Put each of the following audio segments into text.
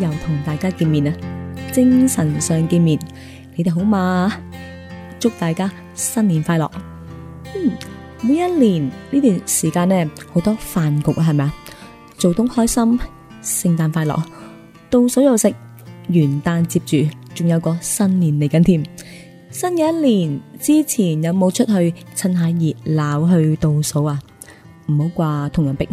又同大家見面喇，精神上見面，你哋好嘛？祝大家新年快樂！嗯，每一年呢段時間呢，好多飯局啊，係咪啊？做冬開心，聖誕快樂，倒數又食，元旦接住，仲有個新年嚟緊添。新嘅一年之前有冇出去趁下熱鬧去倒數啊？唔好掛同人逼。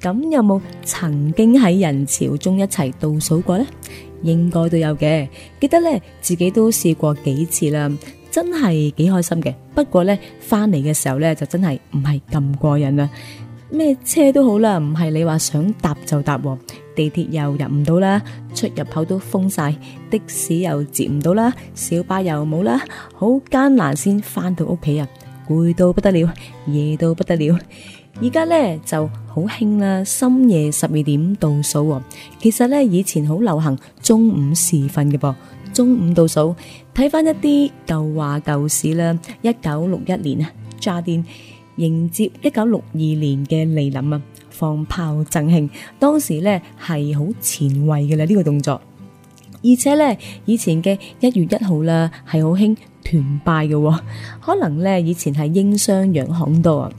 咁有冇曾經喺人潮中一齊倒數過呢？應該都有嘅。記得咧，自己都試過幾次啦，真係幾開心嘅。不過呢，翻嚟嘅時候呢，就真係唔係咁過癮啦。咩車都好啦，唔係你話想搭就搭，地鐵又入唔到啦，出入口都封晒，的士又接唔到啦，小巴又冇啦，好艱難先翻到屋企啊！攰到不得了，夜到不得了。而家咧就好興啦，深夜十二點倒數。其實咧以前好流行中午時分嘅噃，中午倒數。睇翻一啲舊話舊事啦，一九六一年啊，渣甸迎接一九六二年嘅嚟臨啊，放炮贈慶。當時呢係好前衛嘅啦，呢個動作很。而且呢，以前嘅一月一號啦，係好興團拜嘅，可能呢以前係英商洋行多啊。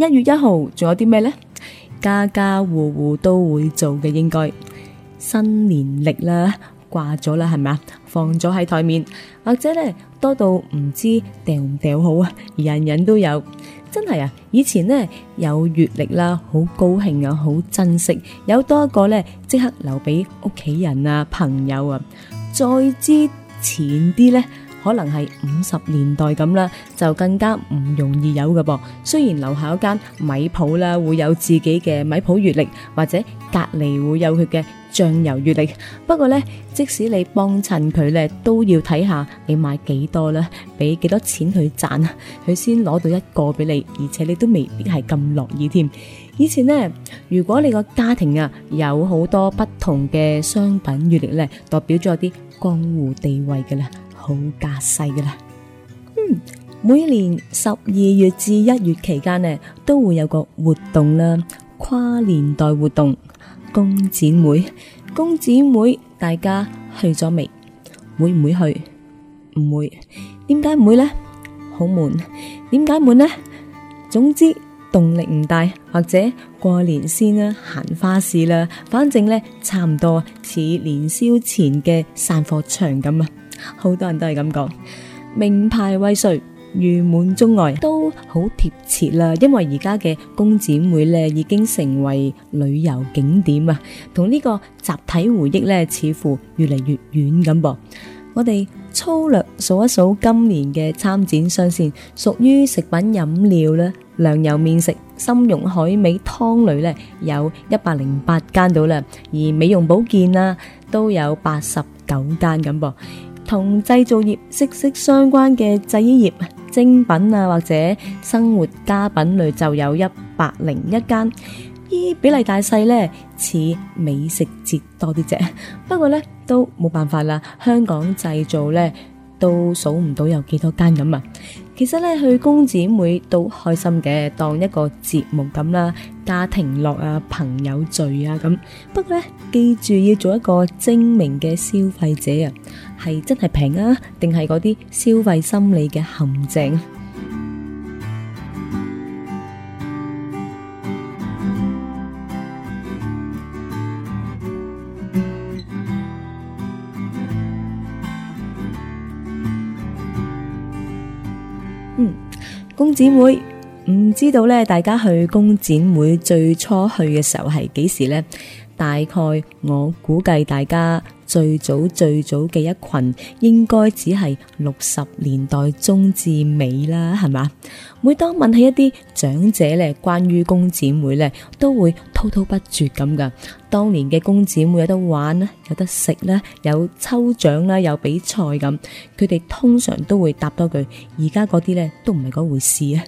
一月一號仲有啲咩呢？家家戶戶都會做嘅應該新年曆啦，掛咗啦，係咪啊？放咗喺台面，或者呢多到唔知掉唔掉好啊！人人都有，真係啊！以前呢有月曆啦，好高興啊，好珍惜，有多一個呢即刻留俾屋企人啊、朋友啊，再之前啲呢。可能係五十年代咁啦，就更加唔容易有噶噃。雖然樓下一間米鋪啦，會有自己嘅米鋪月曆，或者隔籬會有佢嘅醬油月曆。不過呢，即使你幫襯佢呢，都要睇下你買幾多啦，俾幾多錢去賺啊，佢先攞到一個俾你，而且你都未必係咁樂意添。以前呢，如果你個家庭啊有好多不同嘅商品月曆呢，代表咗啲江湖地位噶啦。冇架勢噶啦！嗯，每年十二月至一月期間呢，都會有個活動啦，跨年代活動，工展會，工展會，大家去咗未？會唔會去？唔會？點解唔會呢？好悶，點解悶呢？總之動力唔大，或者過年先啦，行花市啦，反正呢，差唔多似年宵前嘅散貨場咁啊！好多人都係咁講，名牌威水譽滿中外都好貼切啦。因為而家嘅工展會咧，已經成為旅遊景點啊，同呢個集體回憶咧，似乎越嚟越遠咁噃。我哋粗略數一數今年嘅參展商，先屬於食品飲料啦、糧油麵食、參茸海味、湯類咧，有一百零八間到啦。而美容保健啊，都有八十九間咁噃。同製造業息息相關嘅製衣業、精品啊或者生活家品類就有一百零一間，依比例大細呢，似美食節多啲啫。不過呢，都冇辦法啦，香港製造呢，都數唔到有幾多間咁啊。其實咧，去工展會都開心嘅，當一個節目咁啦，家庭樂啊，朋友聚啊咁。不過咧，記住要做一個精明嘅消費者啊，係真係平啊，定係嗰啲消費心理嘅陷阱。姊妹唔知道咧，大家去工展會最初去嘅時候係幾時咧？大概我估計大家最早最早嘅一群應該只係六十年代中至尾啦，係嘛？每當問起一啲長者咧，關於工展會咧，都會。滔滔不絕咁噶，當年嘅工展會有得玩啦，有得食啦，有抽獎啦，有比賽咁，佢哋通常都會答多句，而家嗰啲呢，都唔係嗰回事啊。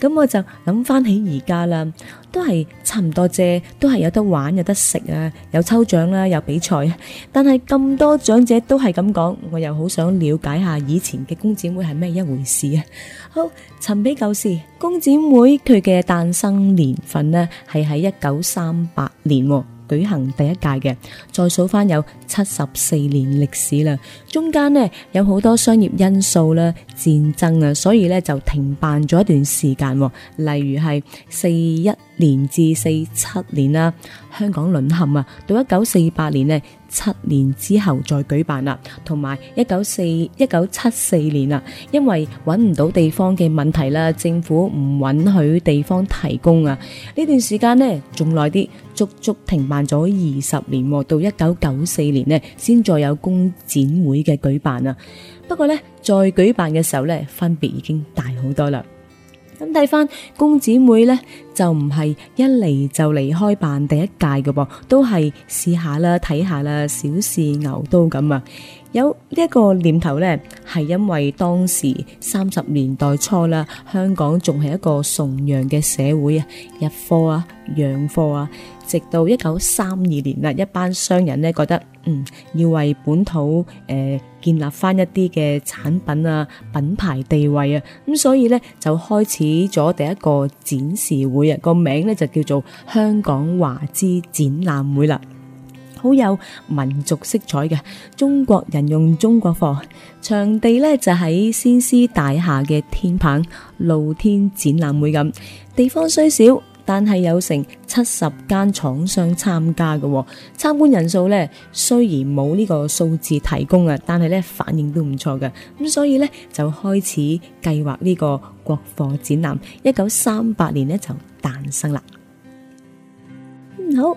咁我就諗翻起而家啦，都係差唔多啫，都係有得玩有得食啊，有抽獎啦，有比賽啊。但係咁多長者都係咁講，我又好想了解下以前嘅工展會係咩一回事啊。好，尋比舊事。工展會佢嘅誕生年份呢，係喺一九三八年舉行第一屆嘅，再數翻有七十四年歷史啦。中間呢，有好多商業因素啦、戰爭啊，所以呢就停辦咗一段時間，例如係四一年至四七年啦，香港淪陷啊，到一九四八年呢。七年之後再舉辦啦，同埋一九四一九七四年啦，因為揾唔到地方嘅問題啦，政府唔允許地方提供啊。呢段時間呢，仲耐啲，足足停辦咗二十年，到一九九四年呢，先再有工展會嘅舉辦啊。不過呢，再舉辦嘅時候呢，分別已經大好多啦。咁睇翻公子妹咧，就唔係一嚟就離開辦第一屆嘅噃，都係試下啦，睇下啦，小試牛刀咁啊！有呢一個念頭咧，係因為當時三十年代初啦，香港仲係一個崇洋嘅社會啊，日貨啊、洋貨啊。直到一九三二年啦，一班商人呢，覺得，嗯，要為本土誒、呃、建立翻一啲嘅產品啊、品牌地位啊，咁所以咧就開始咗第一個展示會啊，個名咧就叫做香港華資展覽會啦。好有民族色彩嘅中國人用中國貨，場地呢，就喺先施大廈嘅天棚露天展覽會咁，地方雖小，但係有成七十間廠商參加嘅、哦。參觀人數呢，雖然冇呢個數字提供啊，但係呢反應都唔錯嘅。咁所以呢，就開始計劃呢個國貨展覽，一九三八年呢，就誕生啦。好。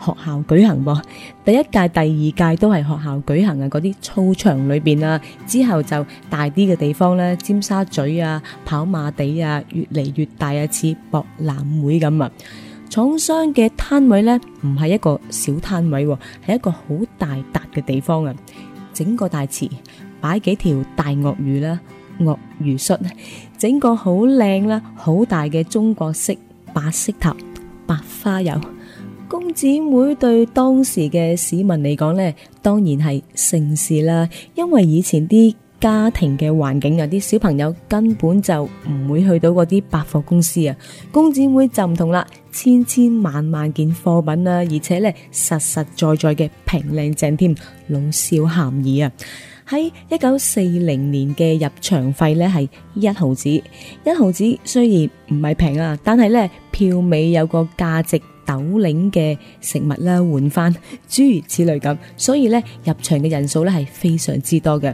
學校舉行噃，第一屆、第二屆都係學校舉行啊，嗰啲操場裏邊啦，之後就大啲嘅地方咧，尖沙咀啊、跑馬地啊，越嚟越大啊，似博覽會咁啊。廠商嘅攤位咧，唔係一個小攤位，係一個好大笪嘅地方啊，整個大池擺幾條大鱷魚啦，鱷魚恤，整個好靚啦，好大嘅中國式白色塔，白花油。工展會對當時嘅市民嚟講呢，當然係盛事啦。因為以前啲家庭嘅環境有啲小朋友根本就唔會去到嗰啲百貨公司啊。工展會就唔同啦，千千萬萬件貨品啊，而且呢，實實在在嘅平靚正添，老少咸宜啊！喺一九四零年嘅入場費呢係一毫子，一毫子雖然唔係平啊，但係呢，票尾有個價值斗零嘅食物呢換翻，諸如此類咁，所以呢，入場嘅人數呢係非常之多嘅，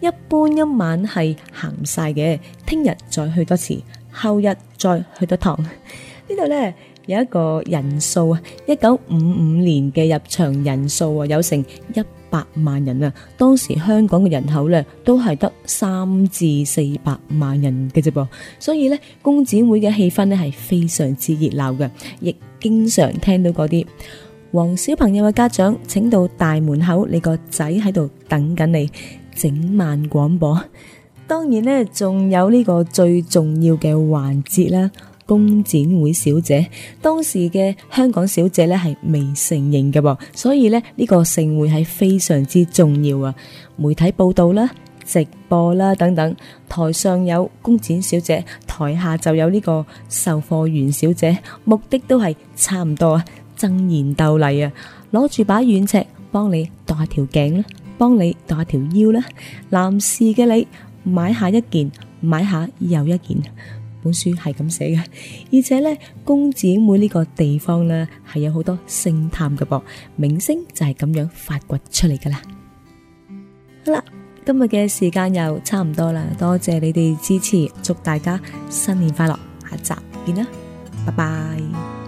一般一晚係行唔晒嘅，聽日再去多次，後日再去多趟。呢度呢，有一個人數啊，一九五五年嘅入場人數啊有成一百萬人啊！當時香港嘅人口咧，都係得三至四百萬人嘅啫噃，所以咧，工展會嘅氣氛咧，係非常之熱鬧嘅，亦經常聽到嗰啲黃小朋友嘅家長，請到大門口，你個仔喺度等緊你整晚廣播。當然咧，仲有呢個最重要嘅環節啦。工展會小姐，當時嘅香港小姐呢係未承認嘅，所以呢呢個盛會係非常之重要啊！媒體報道啦，直播啦等等，台上有工展小姐，台下就有呢個售貨員小姐，目的都係差唔多啊，爭妍鬥麗啊，攞住把軟尺幫你度下條頸啦，幫你度下條腰啦，男士嘅你買下一件，買下又一件。本書係咁寫嘅，而且咧，工展會呢個地方咧，係有好多星探嘅噃，明星就係咁樣發掘出嚟噶啦。好啦，今日嘅時間又差唔多啦，多謝你哋支持，祝大家新年快樂，下集見啦，拜拜。